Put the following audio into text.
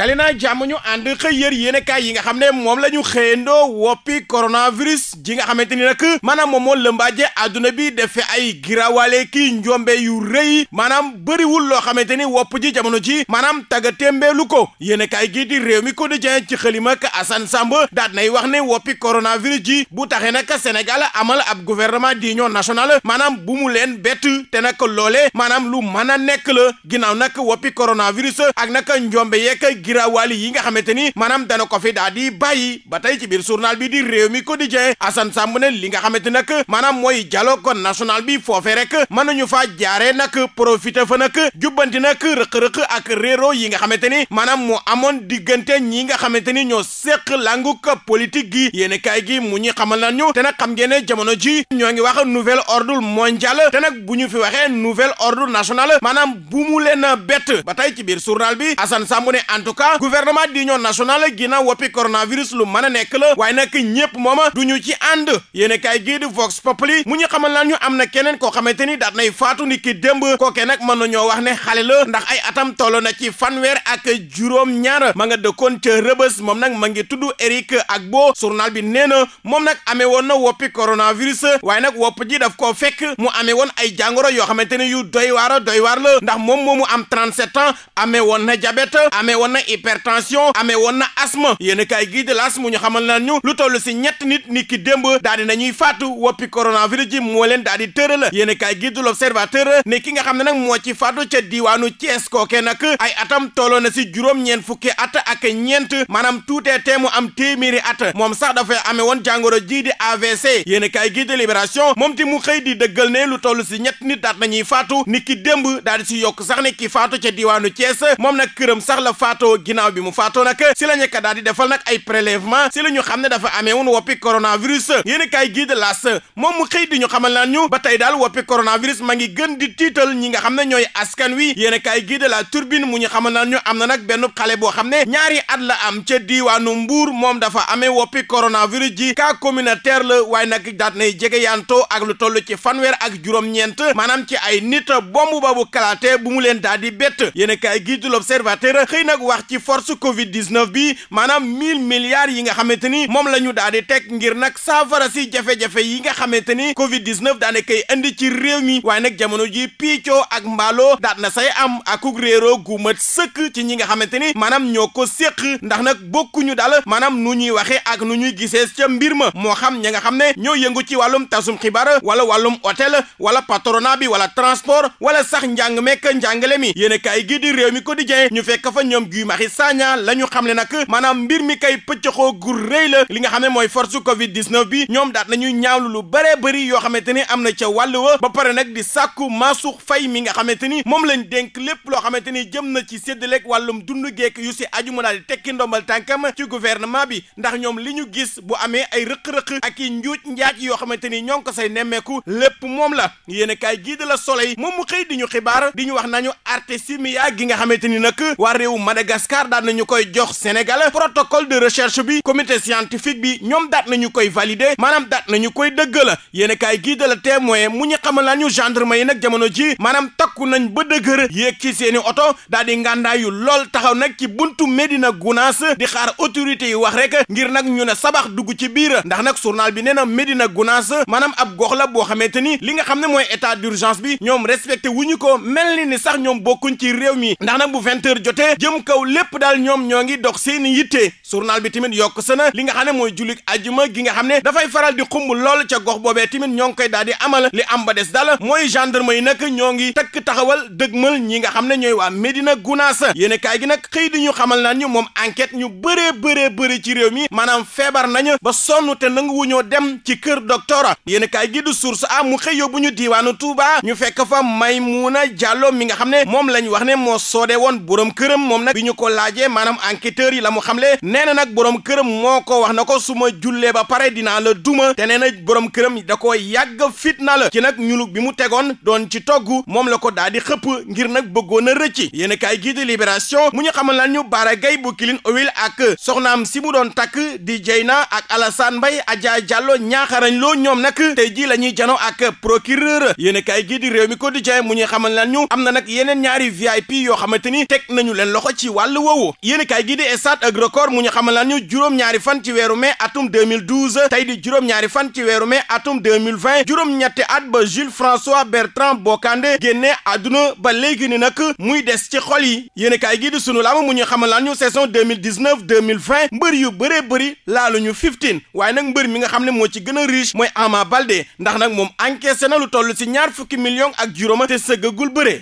dali naa jàmm ñu ànd xëy yër yéenekaay yi nga xam ne moom la ñu xëyandoo woppi coronavirus ji nga xamante ni nag maanaam moom moo lëmbaaje àdduna bi defee ay giraawale kii njombe yu rëy maanaam bëriwul loo xamante ni wopp ji jamono ji maanaam tagga témbeelu ko yéenekaay gii di réew mi quotidien ci xalima ak Assane Samb daat nay wax ne woppi coronavirus ji bu taxee nag Sénégal amal ab gouvernement d'union nationale maanaam bu mu leen bett te nag loole maanaam lu mën a nekk la ginnaaw nag woppi coronavirus ak nag njombe yeeg giraawaali yi nga xamante ni maanaam dana ko fi daa di bàyyi ba tey ci biir journal bi di réew mi quotidien Assane Samb ne li nga xamante nag maanaam mooy dialogue national bi foofee rek mën nañu faa jaaree nag profité fa nag jubbanti nag rëq ak réero yi nga xamante ni maanaam moo amoon diggante ñi nga xamante ni ñoo séq languk politique gi yéen gi mu ñuy xamal nañu ñu te nag xam ngeen ne jamono ji ñoo ngi wax nouvel ordre mondial te nag bu ñu fi waxee nouvel ordre national maanaam bu le leen bett ba cas gouvernement d'union nationale ginnaaw woppi coronavirus lu mën a nekk la waaye nag ñëpp mooma du ñu ci ànd yéen kaay gii di Vox Populi mu ñu xamal ñu am na keneen koo xamante ni daat nay faatu ni ki démb kookee nag mën na ñoo wax ne xale la ndax ay atam toll na ci fanweer ak juróom ñaar ma nga dëkkoon ca rëbës moom nag ma ngi tudd Eric Agbo journal bi nee na moom nag amee woon na woppi coronavirus waaye nag wopp ji daf ko fekk mu amee woon ay jàngoro yoo xamante ni yu doy waar doy waar la ndax moom moomu am 37 ans amee woon na diabète na hypertension amee woon na asthme yéen a kaay gii de las mu ñu xamal naan lu toll si ñett nit ni ki démb daal di nañuy faatu woppi coronavirus ji moo leen daal di tëral yéen a kaay gii de ne ki nga xam ne nag moo ci faatu ca diiwaanu cees kooke nag ay atam tolloo na si juróom-ñeent fukki at ak ñeent maanaam tuutee tee mu am téeméeri at moom sax dafay amee woon jàngoro jii di AVC yéen a kaay gii moom ti mu xëy di dëggal ne lu toll si ñett nit daat nañuy faatu ni ki démb daal di si yokk sax ne ki faatu ca diiwaanu Thiès moom nag këram sax la faatu loo ginnaaw bi mu faatoo nag si la ñu ko daal di defal nag ay prélèvement si la ñu xam ne dafa amee woon woppi coronavirus yéen kaay gii de moom mu xëy ñu xam xamal naan ñu ba tey daal woppi coronavirus ma ngi gën di tiital ñi nga xam ne ñooy askan wi yéen kaay gii de la turbine mu ñu xam naan ñu am na nag benn xale boo xam ne ñaari at la am ca diiwaanu Mbuur moom dafa amee woppi coronavirus ji cas communautaire la waaye nag daat nay jege yaantoo ak lu toll ci fanweer ak juróom-ñeent maanaam ci ay nit bomb boobu kalaate bu mu leen daal di bett yéen kaay gii de ci force Covid 19 bi maanaam mil milliards yi nga xamante ni moom la ñu daal di teg ngir nag saafara si jafe-jafe yi nga xamante ni Covid 19 daane koy andi ci réew mi waaye nag jamono ji piicoo ak mbaaloo daat na say am ak réeroo gu mat sëkk ci ñi nga xamante ni maanaam ñoo ko séq ndax nag bokkuñu daal maanaam nu ñuy waxee ak nu ñuy gisee ca mbir ma moo xam ña nga xam ne ñoo yëngu ci wàllum tasum xibaar wala wàllum hôtel wala patronat bi wala transport wala sax njàng mekk njàngale mi yéen a kaay gi réew mi quotidien ñu fekk Mahi Sagna la ñu xam le nag maanaam mbir mi kay pëccaxoo gu rëy la li nga xam ne mooy force covid 19 bi ñoom daat nañuy ñaawlu lu bëree bëri yoo xamante ni am na ca wàll wa ba pare nag di sàkku Mansour Faye mi nga xamante ni moom lañ dénk lépp loo xamante ni jëm na ci séddaleeg wàllum dund geek yu si aju daal di tekki ndombal tànkam ci gouvernement bi ndax ñoom li ñu gis bu amee ay rëq-rëq ak i njuuj njaaj yoo xamante ni ñoo ngi ko say nemmeeku lépp moom la yéen a kaay gii de la soleil moom mu xëy di ñu xibaar di ñu wax nañu artésimia Madagascar daal nañu koy jox Sénégal protocole de recherche bi comité scientifique bi ñoom daat nañu koy valider maanaam daat nañu koy dëggal yéen a kaay gii de la témoin mu ñu xamal naa ñu gendarme yi nag jamono ji maanaam takku nañ ba dëgër yéeg ci seeni oto daal di ngàndaayu lool taxaw nag ci buntu Médina Gounass di xaar autorité yi wax rek ngir nag ñu ne sabax dugg ci biir ndax nag journal bi nee na Médina Gounass maanaam ab gox la boo xamante ni li nga xam ne mooy état d'urgence bi ñoom respecté ñu ko mel ni sax ñoom bokkuñ ci réew mi ndax nag bu vingt jotee jëm kaw lépp daal ñoom ñoo ngi dox seeni yitte journal bi tamit yokk sa na li nga xam ne mooy jullik ajuma gi nga xam ne dafay faral di xumb lool ca gox boobee tamit ñoo ngi koy daal di amal li am ba des daal mooy gendarme yi nag ñoo ngi takk taxawal dëgmal ñi nga xam ne ñooy waa Médina Gounass yéen kaay gi nag xëy di ñu xamal naan ñu moom enquête ñu bëree bëree bëri ci réew mi maanaam feebar nañu ba sonn te nanguwu ñoo dem ci kër docteur yéen kaay gi du source a mu xëy yóbbu ñu diiwaanu Touba ñu fekk fa Maymouna Diallo mi nga xam ne moom lañ wax ne moo soode woon borom këram moom nag bi ñu ko laajee maanaam enquêteurs yi la mu xamle nee na nag borom këram moo ko wax na ko suma ma jullee ba pare dinaa la duma te nee borom këram da ko yàgg fitna la ci nag ñulug bi mu tegoon doon ci togg moom la ko daal di xëpp ngir nag bëggoon a rëcc yéen a kaay gii di mu ñu xamal lan ñu Bara Gaye bu Kilin Oil ak soxnaam si mu doon takk di na ak Alassane Mbaye Adja Diallo ñaaxarañ loo ñoom nag tey jii la ñuy janoo ak procureur yéen a kaay gii mi quotidien mu ñu xamal lan ñu am na nag yeneen ñaari VIP yoo xamante ni teg nañu leen loxo ci wàll wàll woowu yéen kaay gi di Stades ak Record mu ñu xamal lan ñu juróom-ñaari fan ci weeru mai atum 2012 tey di juróom-ñaari fan ci weeru mai atum 2020 juróom-ñetti at ba Jules François Bertrand Bocandé génnee àdduna ba léegi ni nag muy des ci xol yi yéen kaay gi di sunu laam mu ñu xamal lan ñu saison 2019 2020 mbër yu bëree bëri laalu ñu 15 waaye nag mbër mi nga xam ne moo ci gën a riche mooy Ama Baldé ndax nag moom encaissé na lu toll ci ñaar fukki million ak juróoma te sëggagul bëre